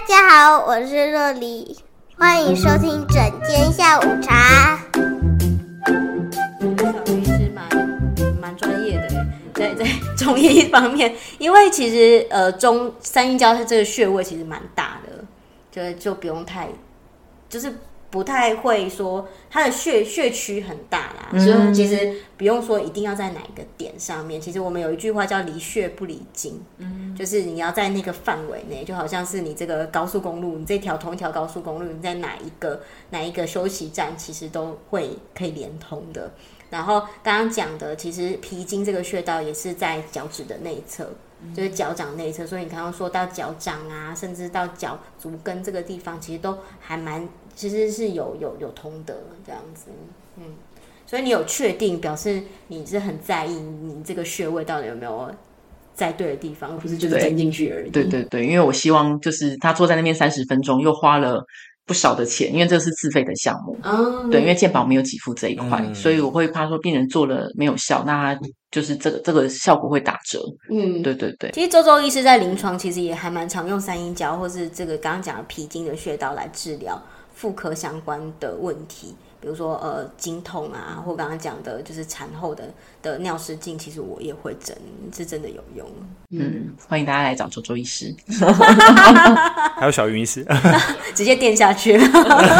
大家好，我是若黎，歡迎收聽《診間下午茶》。你的小中是嗎？蠻專業的，在在中醫方面，因為其實呃，中三陰交是這個穴位其實蠻大的，就就不用太，就是。不太會說，它的穴穴區很大啦，所以、嗯、其實不用說一定要在哪一個點上面。其實我們有一句話叫“離穴不離經”，嗯，就是你要在那個範圍內，就好像是你這個高速公路，你這條同一條高速公路，你在哪一個哪一個休息站，其實都會可以連通的。然後剛剛講的，其實脾經這個穴道也是在腳趾的內側，就是腳掌內側。所以你剛剛說到腳掌啊，甚至到腳足跟這個地方，其實都還蠻。其實是有有有通的這樣子、嗯，所以你有確定表示你是很在意你這個穴位到底有沒有在對的地方，而對不是就是針進去而已。對對對，因為我希望就是他坐在那邊三十分鐘，又花了不少的錢，因為這是自費的項目。哦、uh，huh. 對，因為健保沒有給付這一塊，mm hmm. 所以我會怕說病人做了沒有效，那就是這個這個效果會打折。嗯、mm，hmm. 對，對對對。其實周周醫師在臨床其實也還蠻常用三陰交或是這個剛剛講的脾經的穴道來治療。婦科相關的問題，比如說呃，經痛啊，或剛剛講的就是產後的的尿失禁，其實我也會整是真的有用。嗯，嗯歡迎大家來找周周醫師， 還有小云醫師， 直接墊下去。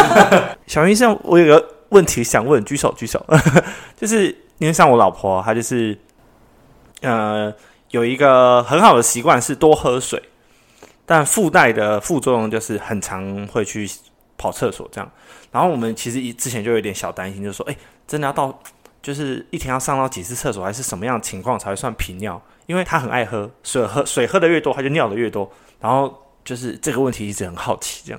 小云醫生，我有個問題想問，舉手舉手， 就是因為像我老婆，啊，她就是呃有一個很好的習慣是多喝水，但附帶的副作用就是很常會去。跑廁所這樣，然後我們其實一之前就有點小擔心，就是說，哎，真的要到，就是一天要上到幾次廁所，還是什麼樣的情況才會算頻尿？因為他很愛喝水，喝水喝的越多，他就尿的越多。然後就是這個問題一直很好奇，這樣，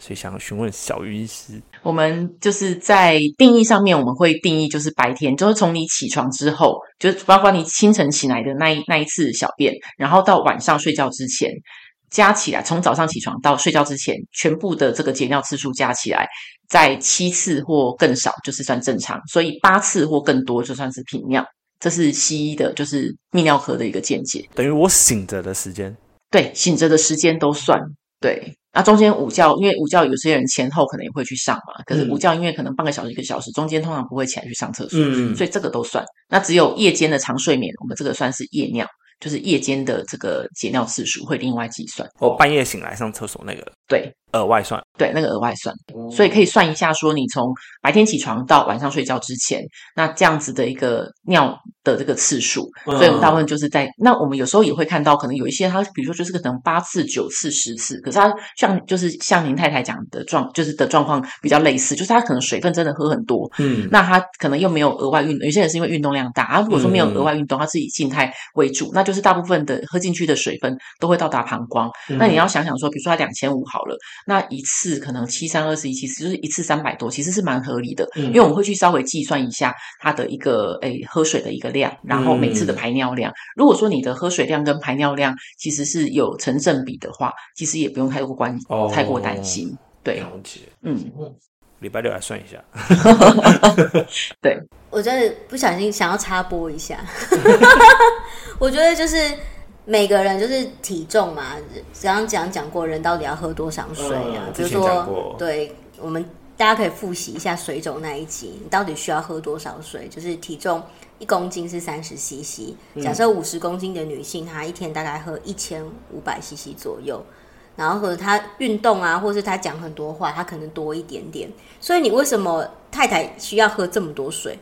所以想詢問筱芸醫師。我們就是在定義上面，我們會定義就是白天，就是從你起床之後，就是包括你清晨起來的那一那一次小便，然後到晚上睡覺之前。加起來，從早上起床到睡覺之前，全部的這個解尿次數加起來，在七次或更少就是算正常，所以八次或更多就算是頻尿。這是西醫的，就是泌尿科的一個見解。等於我醒着的時間？對，醒着的時間都算。對，那中間午覺，因爲午覺有些人前後可能也會去上嘛，可是午覺因爲可能半個小時一個小時，中間通常不會起來去上廁所，嗯嗯，所以這個都算。那只有夜間的長睡眠，我們這個算是夜尿。就是夜間的這個解尿次數會另外計算，哦，半夜醒來上廁所那個。對，額外算，對，那個額外算，嗯、所以可以算一下，說你從白天起床到晚上睡覺之前，那這樣子的一個尿的這個次數，所以我們大部分就是在、嗯、那我們有時候也會看到，可能有一些他，比如說就是可能八次、九次、十次，可是他像就是像您太太講的狀，就是的狀況比較類似，就是他可能水分真的喝很多，嗯，那他可能又沒有額外運動，有些人是因為運動量大，啊，如果說沒有額外運動，他是以靜態為主，嗯、那就是大部分的喝進去的水分都會到達膀胱，嗯、那你要想想說，比如說他兩千五毫。好了，那一次可能七三二十一七四，其實就是一次三百多，其實是蠻合理的。嗯、因為我們會去稍微計算一下它的一個誒、欸、喝水的一個量，然後每次的排尿量。嗯、如果說你的喝水量跟排尿量其實是有成正比的話，其實也不用太過關，哦、太過擔心。對，了解，嗯，禮拜六來算一下。 對，我真的不小心想要插播一下， 我覺得就是。每個人就是體重嘛，剛剛講講過，人到底要喝多少水啊？哦、就是說，對，我們大家可以複習一下水腫那一集，你到底需要喝多少水？就是體重一公斤是三十 CC，假設五十公斤的女性，嗯、她一天大概喝一千五百 CC 左右。然後和她運動啊，或者是她講很多話，她可能多一點點。所以你為什麼太太需要喝這麼多水？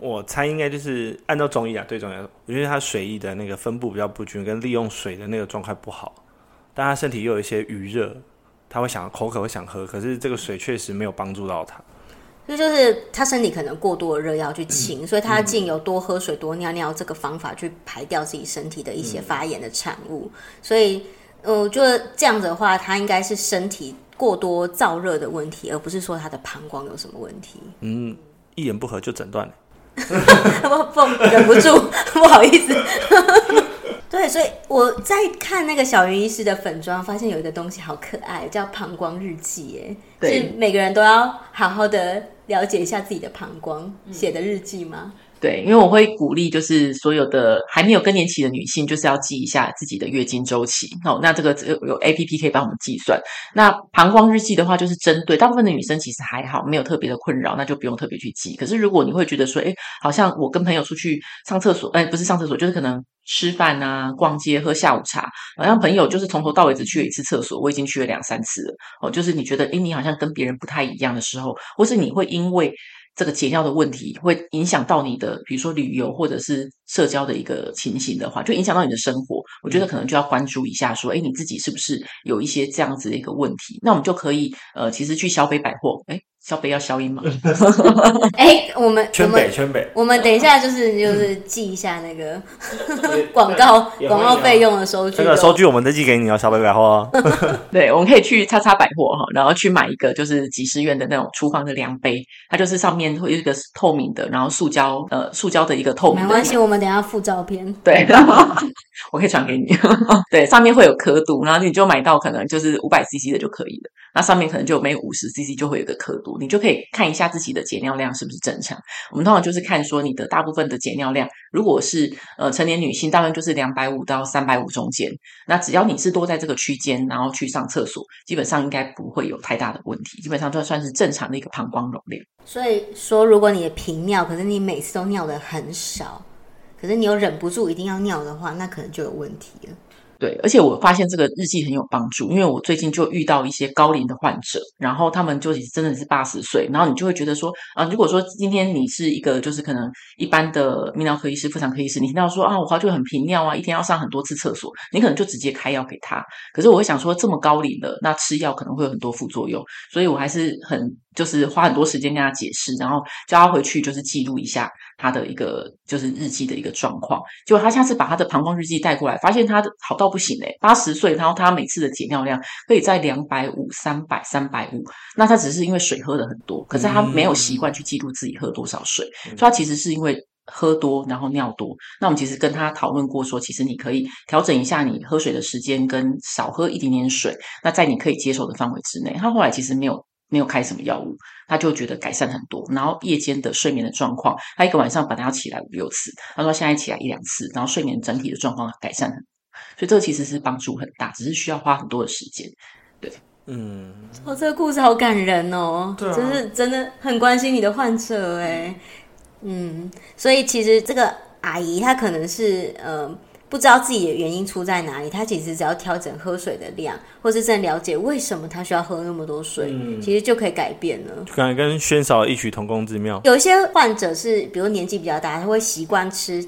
我猜應該就是按照中醫啊，對中醫來說、啊，因為他水液的那個分佈比較不均，跟利用水的那個狀態不好。但他身體又有一些餘熱，他會想口渴，會想喝，可是這個水確實沒有幫助到他。這就，就是他身體可能過多的熱要去清，嗯、所以他藉由多喝水、嗯、多尿尿這個方法去排掉自己身體的一些發炎的產物。嗯、所以，呃，我覺得這樣子的話，他應該是身體過多燥熱的問題，而不是說他的膀胱有什麼問題。嗯，一言不合就診斷。 我忍不住，不好意思。 對，所以我在看那個筱芸醫師的粉妝，發現有一個東西好可愛，叫膀胱日記。哎對，就是每個人都要好好的了解一下自己的膀胱寫的日記嗎？嗯對，因為我會鼓勵，就是所有的還沒有更年期的女性，就是要記一下自己的月經週期。哦，那這個有 APP 可以幫我們計算。那膀胱日記的話，就是針對大部分的女生其實還好，沒有特別的困擾，那就不用特別去記。可是如果你會覺得說，哎，好像我跟朋友出去上廁所，哎，不是上廁所，就是可能吃飯啊、逛街、喝下午茶，好像朋友就是從頭到尾只去了一次廁所，我已經去了兩三次了。哦，就是你覺得，哎，你好像跟別人不太一樣的時候，或是你會因為。這個解尿的問題會影響到你的，比如說旅遊或者是社交的一個情形的話，就影響到你的生活。我覺得可能就要關注一下，說，哎，你自己是不是有一些這樣子的一個問題？那我們就可以，呃，其實去消費百貨，誒小北要消音嗎？哎、 欸，我們全北、全北，圈北，我們等一下就是就是記一下那個廣 告廣也告費用的收據。這個收據我們都寄給你哦、啊，小北百貨。啊、 對，我們可以去叉叉百貨哈，然後去買一個就是幾十元的那種廚房的量杯，它就是上面會有一個透明的，然後塑膠呃塑膠的一個透明。沒關係，我們等一下附照片。對， 我可以傳給你。 對，上面會有刻度，然後你就買到可能就是五百 CC 的就可以了。那上面可能就沒五十 CC 就會有個刻度。你就可以看一下自己的解尿量，是不是正常。我們通常就是看說你的大部分的解尿量，如果是呃成年女性，大概就是兩百五到三百五中間。那只要你是多在這個區間，然後去上廁所，基本上應該不會有太大的問題。基本上就算是正常的一個膀胱容量。所以說，如果你的頻尿，可是你每次都尿得很少，可是你又忍不住一定要尿的話，那可能就有問題了。對，而且我發現這個日記很有幫助，因為我最近就遇到一些高齡的患者，然後他們就已經真的是八十歲，然後你就會覺得說，啊，如果說今天你是一個就是可能一般的泌尿科醫師、婦產科醫師，你聽到說啊，我好像很頻尿啊，一天要上很多次廁所，你可能就直接開藥給他，可是我會想說，這麼高齡的，那吃藥可能會有很多副作用，所以我還是很。就是花很多時間跟他解釋，然後叫他回去就是記錄一下他的一個就是日記的一個狀況。結果他下次把他的膀胱日記帶過來，發現他好到不行哎、欸，八十歲，然後他每次的解尿量可以在兩百五、三百、三百五。那他只是因為水喝的很多，可是他沒有習慣去記錄自己喝多少水，所以他其實是因為喝多然後尿多。那我們其實跟他討論過說，說其實你可以調整一下你喝水的時間，跟少喝一點點水，那在你可以接受的範圍之內。他後來其實沒有。沒有開什麼藥物，他就覺得改善很多。然後夜間的睡眠的狀況，他一個晚上本來要起來五六次，他說現在起來一兩次，然後睡眠整體的狀況改善很多。所以這其實是幫助很大，只是需要花很多的時間。對，嗯，哦，這個故事好感人哦。對啊，就是真的很關心你的患者，誒。嗯，所以其實這個阿姨她可能是嗯、呃不知道自己的原因出在哪裡，他其實只要調整喝水的量，或是正了解為什麼他需要喝那麼多水，嗯，其實就可以改變了。可能跟宣嫂異曲同工之妙。有一些患者是，比如年紀比較大，他會習慣吃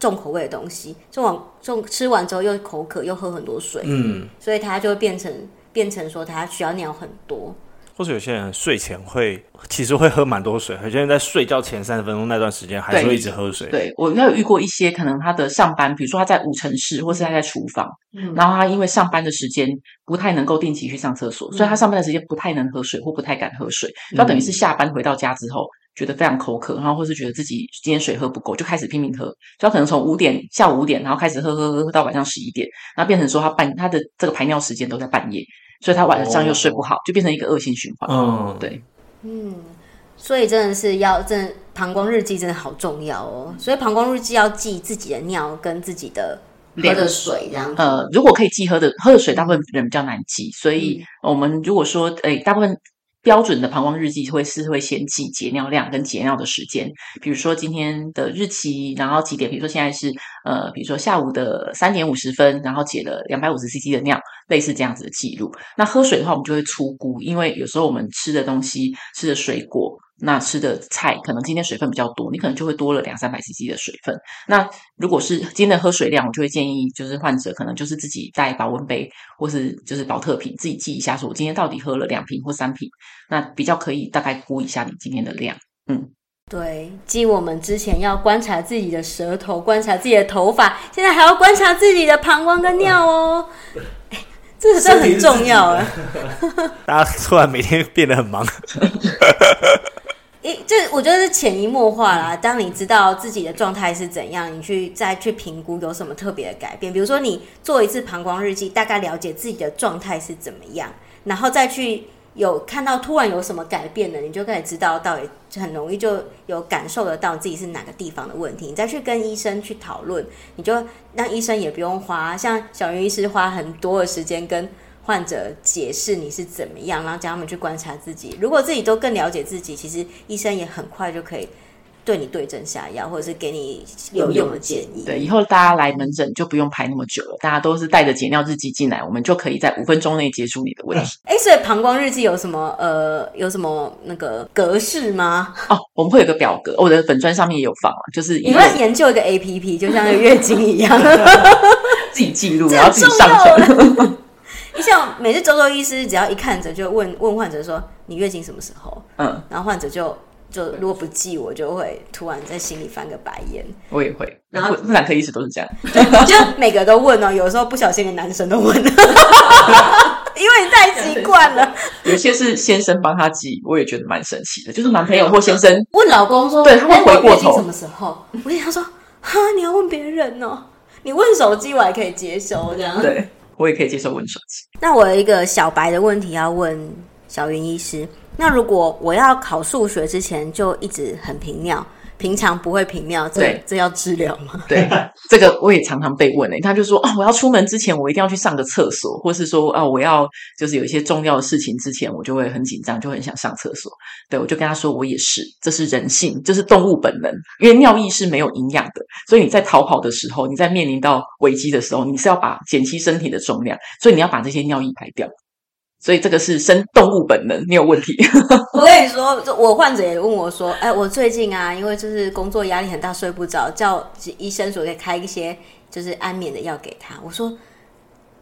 重口味的東西，重吃完之後又口渴，又喝很多水，嗯，所以他就會變成變成說他需要尿很多。或是有些人睡前會，其實會喝蠻多水。有些人在睡覺前三十分鐘那段時間還是會一直喝水。對，對我應該有遇過一些，可能他的上班，比如說他在無塵室，或是他在廚房，嗯、然後他因為上班的時間不太能夠定期去上廁所，嗯、所以他上班的時間不太能喝水或不太敢喝水。那、嗯、等於是下班回到家之後。覺得非常口渴，然後或是覺得自己今天水喝不夠，就開始拼命喝。他可能從五點下午五點，然後開始喝喝喝到晚上十一點，然後變成說他半他的這個排尿時間都在半夜，所以他晚上又睡不好，哦、就變成一個惡性循環。嗯、哦，對，嗯，所以真的是要真膀胱日記真的好重要哦。所以膀胱日記要記自己的尿跟自己的喝的水，水，然後呃，如果可以記喝的喝的水，大部分人比較難記。所以我們如果說誒、哎，大部分。標準的膀胱日記會是會先記解尿量，量跟解尿的時間，比如說今天的日期，然後幾點，比如說現在是呃，比如說下午的三點五十分，然後解了兩百五十 CC 的尿，類似這樣子的記錄。那喝水的話，我們就會粗估，因為有時候我們吃的東西，吃的水果，那吃的菜可能今天水分比較多，你可能就會多了兩三百 CC 的水分。那如果是今天的喝水量，我就會建議就是患者可能就是自己帶保溫杯，或是就是保特瓶自己記一下，說我今天到底喝了兩瓶或三瓶，那比較可以大概估一下你今天的量。嗯，對，繼我們之前要觀察自己的舌頭，觀察自己的頭髮，現在還要觀察自己的膀胱跟尿哦。欸，這這個真的很重要啊、欸！大家突然每天變得很忙。 這我覺得是潛移默化啦。當你知道自己的狀態是怎樣，你去再去評估有什麼特別的改變。比如說，你做一次膀胱日記，大概了解自己的狀態是怎麼樣，然後再去有看到突然有什麼改變的，你就可以知道到底很容易就有感受得到自己是哪個地方的問題。你再去跟醫生去討論，你就讓醫生也不用花像筱芸醫師花很多的時間跟。患者解釋你是怎麼樣，然後叫他們去觀察自己。如果自己都更了解自己，其實醫生也很快就可以對你對症下藥，或者是給你有用的建議。對，以後大家來門診就不用排那麼久了，大家都是帶着解尿日記進來，我們就可以在五分鐘內結束你的問題。哎、嗯，所以膀胱日記有什麼？呃，有什麼那個格式嗎？哦，我們會有個表格，我的粉專上面也有放、啊，就是你們研究一個 APP，就像個月經一樣， 自己記錄然後自己上傳。像每次周周醫師只要一看着就問問患者說，你月經什麼時候？嗯，然後患者就就如果不記，我就會突然在心裡翻個白眼。我也會，然後婦產科醫師都是這樣， 就每個都問哦，有時候不小心連男生都問， 因為你太習慣了。有些是先生幫他記，我也覺得蠻神奇的，就是男朋友或先生問老公說，對、欸，他會回過頭，月經什麼時候？我跟他說哈，你要問別人哦，你問手機我還可以接受這樣。對。我也可以接受溫水。那我有一個小白的問題要問筱芸醫師。那如果我要考數學之前就一直很頻尿？平常不會頻尿，這對這要治療嗎？對，這個我也常常被問誒、欸，他就說啊、哦，我要出門之前我一定要去上個廁所，或是說啊、哦，我要就是有一些重要的事情之前，我就會很緊張，就很想上廁所。對，我就跟他說，我也是，這是人性，這是動物本能。因為尿液是沒有營養的，所以你在逃跑的時候，你在面臨到危機的時候，你是要把減輕身體的重量，所以你要把這些尿液排掉。所以這個是生動物本能，你有問題。 我跟你說，我患者也問我說：“哎、欸，我最近啊，因為就是工作壓力很大，睡不着，叫醫生所給開一些就是安眠的藥給他。”我說：“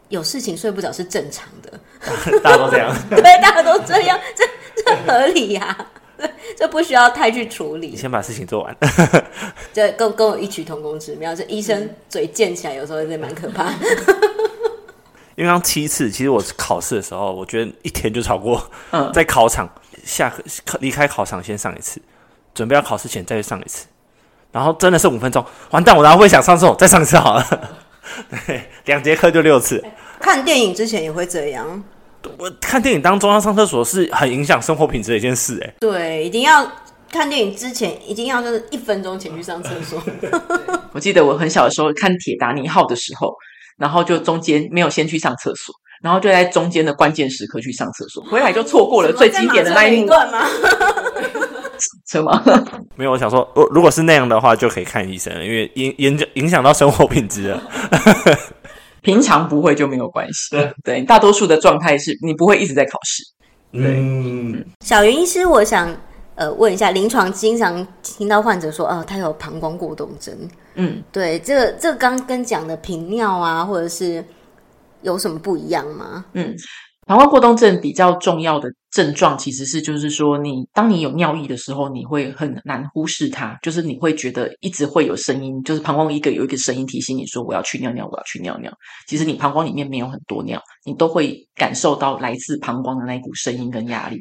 有事情睡不着是正常的，大家都這樣， 對，大家都這樣，這這合理呀、啊，這 不需要太去處理。你先把事情做完。 就”這跟跟我異曲同工之妙，這醫生嘴賤起來有時候也蠻可怕的。 因為剛七次，其實我考試的時候，我覺得一天就超過。嗯，在考場下課離開考場，先上一次，準備要考試前再上一次，然後真的是五分鐘，完蛋！我然後會想上廁所，再上一次好了。 對，兩節課就六次。看電影之前也會這樣。我看電影當中要上廁所是很影響生活品質的一件事哎、欸。對，一定要看電影之前，一定要就是一分鐘前去上廁所。 我記得我很小的時候看《鐵達尼號》的時候。然後就中間沒有先去上廁所，然後就在中間的關鍵時刻去上廁所，回來就錯過了最經典的那一，那一段嗎？ 什麼沒有，我想說，如果是那樣的話，就可以看醫生，因為影影響影響到生活品質了。 平常不會就沒有關係。對，對，大多數的狀態是你不會一直在考試。嗯，嗯筱芸醫師，我想呃問一下，臨床經常聽到患者說，呃、哦，他有膀胱過動症。嗯，對，這個、這個、剛跟講的頻尿啊，或者是有什麼不一樣嗎？嗯，膀胱過動症比較重要的症狀，其實是就是說你，你當你有尿意的時候，你會很難忽視它，就是你會覺得一直會有聲音，就是膀胱一個有一個聲音提醒你說我要去尿尿，我要去尿尿。其實你膀胱裡面沒有很多尿，你都會感受到來自膀胱的那一股聲音跟壓力。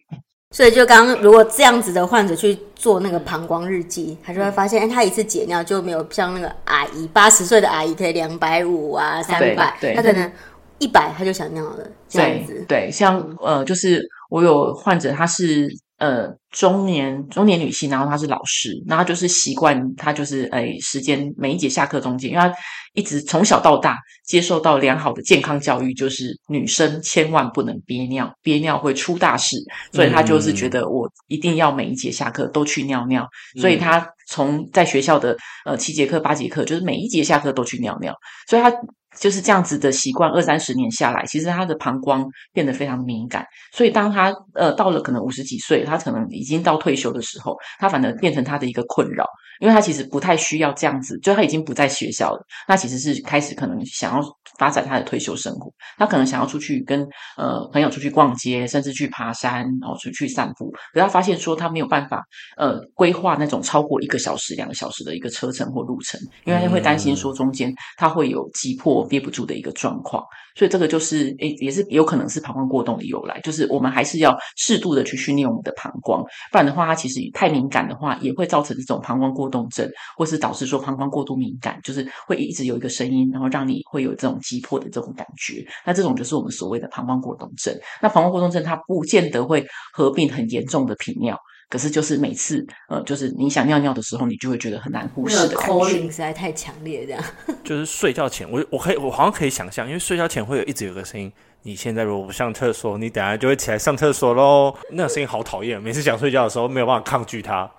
所以，就剛剛如果這樣子的患者去做那個膀胱日記，他就會發現，哎、欸，他一次解尿就沒有像那個阿姨，八十歲的阿姨可以兩百五啊，三百，他可能一百他就想尿了這樣子。對，對，像呃，就是我有患者，他是。呃，中年中年女性，然後她是老師，然後她就是習慣，她就是誒、哎、時間每一節下課中間，因為她一直從小到大接受到良好的健康教育，就是女生千萬不能憋尿，憋尿會出大事，所以她就是覺得我一定要每一節下課都去尿尿，嗯、所以她從在學校的呃七節課八節課，就是每一節下課都去尿尿，所以她。就是這樣子的習慣，二三十年下來，其實他的膀胱變得非常敏感。所以當他呃到了可能五十幾歲，他可能已經到退休的時候，他反而變成他的一個困擾，因為他其實不太需要這樣子，就他已經不在學校了，那其實是開始可能想要發展他的退休生活。他可能想要出去跟呃朋友出去逛街，甚至去爬山，然後，哦，出去散步。可他發現說他沒有辦法呃規劃那種超過一個小時、兩個小時的一個車程或路程，因為他會擔心說中間他會有急迫憋不住的一個狀況，所以這個就是、欸、也是也有可能是膀胱過動的由來。就是我們還是要適度的去訓練我們的膀胱，不然的話，它其實太敏感的話，也會造成這種膀胱過動症，或是導致說膀胱過度敏感，就是會一直有一個聲音，然後讓你會有這種急迫的這種感覺。那這種就是我們所謂的膀胱過動症。那膀胱過動症它不見得會合併很嚴重的頻尿。可是，就是每次，呃，就是你想尿尿的時候，你就會覺得很難忽視的。那個聲音實在太強烈，這樣。就是睡覺前，我我可以，我好像可以想象因為睡覺前會有一直有個聲音。你現在如果不上廁所，你等下就會起來上廁所嘍。那個聲音好討厭，每次想睡覺的時候沒有辦法抗拒它。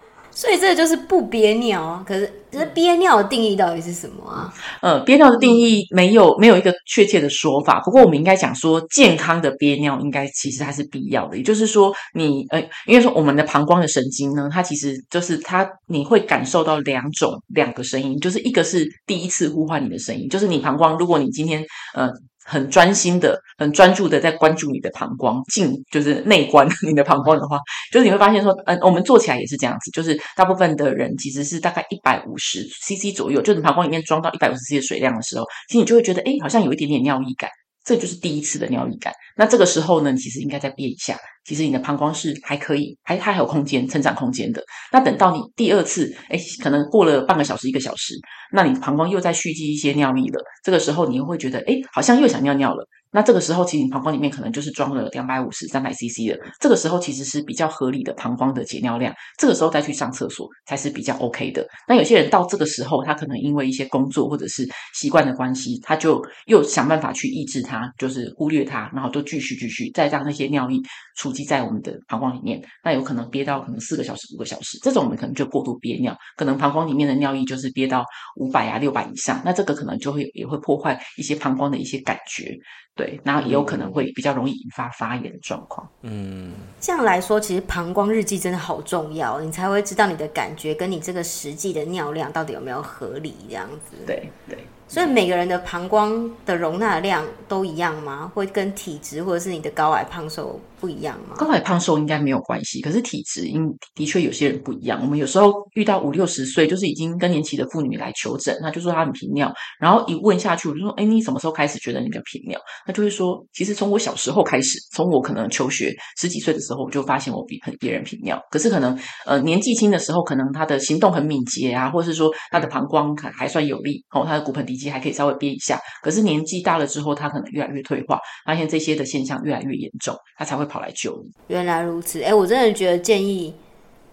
所以這就是不憋尿，可是這憋尿的定義到底是什麼啊？呃，憋尿的定義沒有沒有一個確切的說法。不過我們應該講說，健康的憋尿應該其實它是必要的。也就是說你，你呃，因為說我們的膀胱的神經呢，它其實就是它你會感受到兩種兩個聲音，就是一個是第一次呼喚你的聲音，就是你膀胱，如果你今天嗯。呃很專心的，很專注的在關注你的膀胱，進就是內觀你的膀胱的話，就是你會發現說，嗯、呃，我們做起來也是這樣子，就是大部分的人其實是大概一百五十 CC 左右，就是膀胱裡面裝到一百五十 CC 的水量的時候，其實你就會覺得，誒、欸，好像有一點點尿意感。這就是第一次的尿意感，那這個時候呢，你其實應該再憋一下。其實你的膀胱是還可以，還它還有空間、成長空間的。那等到你第二次，哎，可能過了半個小時、一個小時，那你膀胱又在蓄積一些尿意了。這個時候，你又會覺得，哎，好像又想尿尿了。那這個時候，其實你膀胱裡面可能就是裝了兩百五十、三百 CC 的。這個時候其實是比較合理的膀胱的解尿量。這個時候再去上廁所才是比較 OK 的。那有些人到這個時候，他可能因為一些工作或者是習慣的關係，他就又想辦法去抑制它，就是忽略它，然後就繼續繼續，再讓那些尿液儲積在我們的膀胱裡面。那有可能憋到可能四個小時、五個小時，這種我們可能就過度憋尿，可能膀胱裡面的尿液就是憋到五百啊、六百以上。那這個可能就會也會破壞一些膀胱的一些感覺。對，然後也有可能會比較容易引發發炎的狀況。嗯，嗯，這樣來說，其實膀胱日記真的好重要，你才會知道你的感覺跟你這個實際的尿量到底有沒有合理這樣子。對對，對，所以每個人的膀胱的容納的量都一樣嗎？會跟體質或者是你的高矮胖瘦？不一樣啊，高矮胖瘦應該沒有關係，可是體質因的確有些人不一樣。我們有時候遇到五六十歲就是已經更年期的婦女來求診，她就說她很頻尿，然後一問下去，我就說：哎、欸，你什麼時候開始覺得你比較頻尿？她就會說：其實從我小時候開始，從我可能求學十幾歲的時候，我就發現我比別人頻尿。可是可能呃年紀輕的時候，可能她的行動很敏捷啊，或者是說她的膀胱還還算有力，哦，她的骨盆底肌還可以稍微憋一下。可是年紀大了之後，她可能越來越退化，發現這些的現象越來越嚴重，他才會。跑來救你，原來如此！哎、欸，我真的覺得建議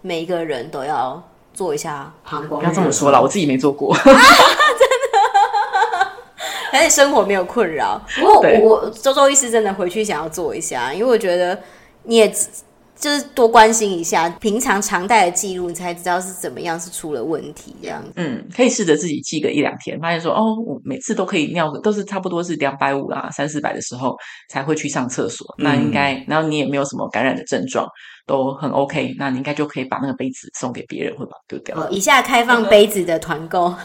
每一個人都要做一下、啊。不要這麼說啦，我自己沒做過， 啊、真的、啊。而且生活沒有困擾。不過我，對我周周醫師真的回去想要做一下，因為我覺得你也。就是多關心一下，平常常帶的記錄，你才知道是怎麼樣，是出了問題這樣子。嗯，可以試着自己記個一兩天，發現說哦，我每次都可以尿個，都是差不多是兩百五啦，三四百的時候才會去上廁所。嗯、那應該，然後你也沒有什麼感染的症狀，都很 OK。那你應該就可以把那個杯子送給別人，會吧丟掉。以下開放杯子的團購，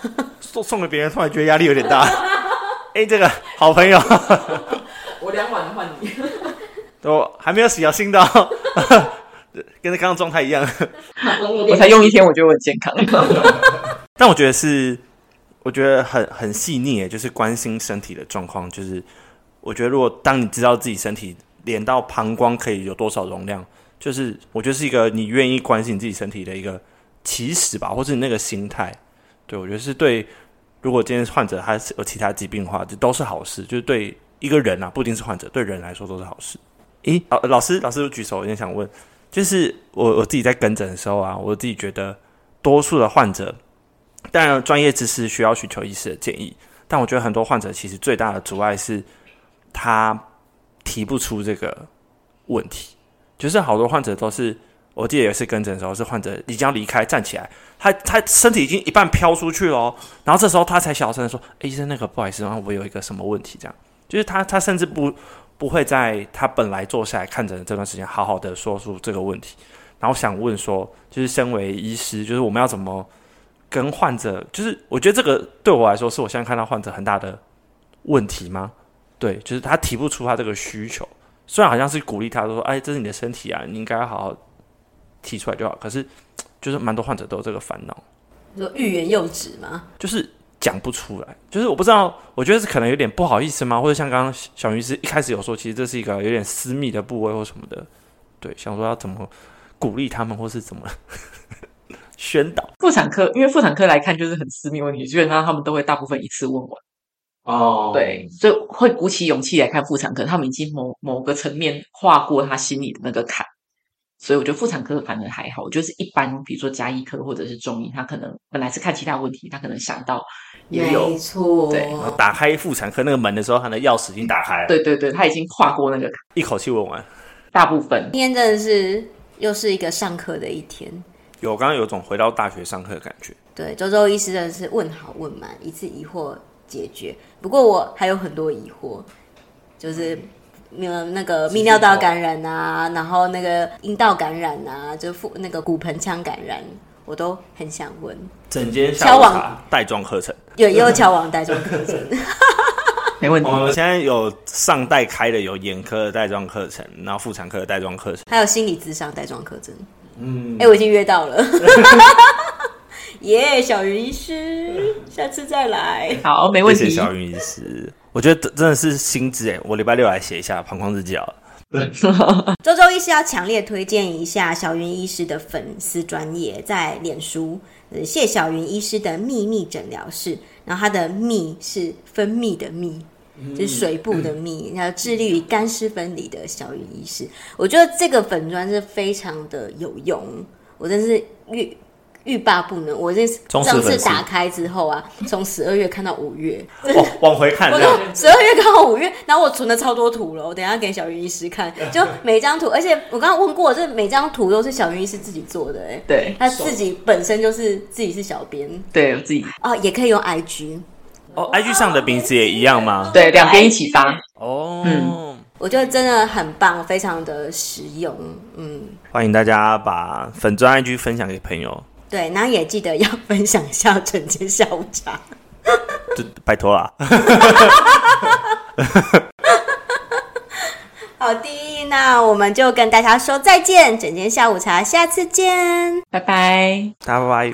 送 送給別人，突然覺得壓力有點大。哎、 欸，這個好朋友， 我兩碗換你。都還沒有死到，心的， 跟剛剛狀態一樣 我才用一天，我覺得我很健康。 但我覺得是，我覺得很很細膩誒，就是關心身體的狀況。就是我覺得，如果當你知道自己身體連到膀胱可以有多少容量，就是我覺得是一個你願意關心自己身體的一個起始吧，或是你那個心態。對，我覺得是對，如果今天患者他是有其他疾病的話，這都是好事。就是對一個人啊，不一定是患者，對人來說都是好事。咦誒，老師老師老師舉手，有點想問，就是我我自己在跟診的時候啊，我自己覺得多數的患者，當然專業知識需要尋求醫師的建議，但我覺得很多患者其實最大的阻礙是他提不出這個問題，就是好多患者都是。我記得也是跟診的時候是患者，即將離開站起來，他他身體已經一半飄出去了，然後這時候他才小聲地說：“誒，醫生那個不好意思，然後我有一個什麼問題。”這樣，就是他他甚至不。不會在他本來坐下來看診的這段時間，好好的說出這個問題。然後想問說，就是身為醫師，就是我們要怎麼跟患者？就是我覺得這個對我來說，是我現在看到患者很大的問題嗎？對，就是他提不出他這個需求。雖然好像是鼓勵他說：“哎，這是你的身體啊，你應該好好提出來就好。”可是，就是蠻多患者都有這個煩惱，就欲言又止嘛。就是。講不出來，就是我不知道，我覺得是可能有點不好意思嗎？或者像剛剛筱芸師一開始有說，其實這是一個有點私密的部位或什麼的，對，想說要怎麼鼓勵他們，或是怎麼呵呵宣導婦產科，因為婦產科來看就是很私密問題，基本上他們都會大部分一次問我。哦，oh. 對，所以會鼓起勇氣來看婦產科，他們已經某某個層面跨過他心裡的那個坎。所以我覺得婦產科反而還好，就是一般，比如說家醫科，或者是中醫，他可能本來是看其他問題，他可能想到也有錯。沒錯。對，然後打開婦產科那個門的時候，他的鑰匙已經打開了。對對對，他已經跨過那個一口氣問完。大部分今天真的是又是一個上課的一天，有剛剛有種回到大學上課的感覺。對，周周醫師真的是問好問滿，一次疑惑解決。不過我還有很多疑惑，就是。嗯，那個泌尿道感染啊，然後那個陰道感染啊，就腹那個骨盆腔感染，我都很想問。診間下午茶敲碗帶狀課程，有有敲碗帶狀課程， 沒問題。我們現在有上代開的，有眼科的帶狀課程，然後婦產科的帶狀課程，還有心理諮商帶狀課程。嗯，哎、欸，我已經約到了，耶、 yeah,，筱芸醫師，下次再來，好，沒問題，謝謝筱芸醫師。我覺得真的是心智哎，我禮拜六來寫一下膀胱日記啊。對， 周周醫師要強烈推薦一下筱芸醫師的粉絲專頁，在臉書，呃，謝筱芸醫師的泌密診療室，然後他的泌是分泌的泌，嗯、就是水部的泌，嗯、然後致力於乾濕分離的筱芸醫師，嗯、我覺得這個粉專是非常的有用，我真是越。欲罷不能，我這上次打開之後啊，從十二月看到五月、 哦，往回看，十二月看到五月，然後我存了超多圖了，我等一下給筱芸醫師看，就每張圖， 而且我剛剛問過，這每張圖都是筱芸醫師自己做的、欸，哎，對，他自己本身就是自己是小編，對自己、啊、也可以用 IG 哦哇，IG 上的名字也一樣嗎？對，兩邊一起發哦，oh, 嗯，我覺得真的很棒，非常的實用，嗯，歡迎大家把粉專 IG 分享給朋友。對，然後也記得要分享一下診間下午茶。就拜託了。 好的，那我們就跟大家說再見，診間下午茶，下次見，拜拜，拜拜。